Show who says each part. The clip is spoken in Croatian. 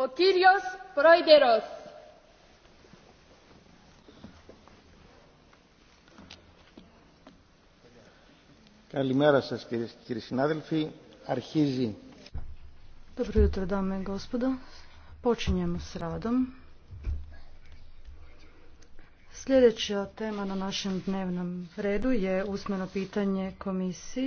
Speaker 1: Ο Proideros.
Speaker 2: Kali Καλημέρα σας κύριε, κύριοι συνάδελφοι.
Speaker 3: Dobro jutro, dame i gospodo. Počinjemo s radom. Sljedeća tema na našem dnevnom redu
Speaker 4: je usmeno pitanje komisiji.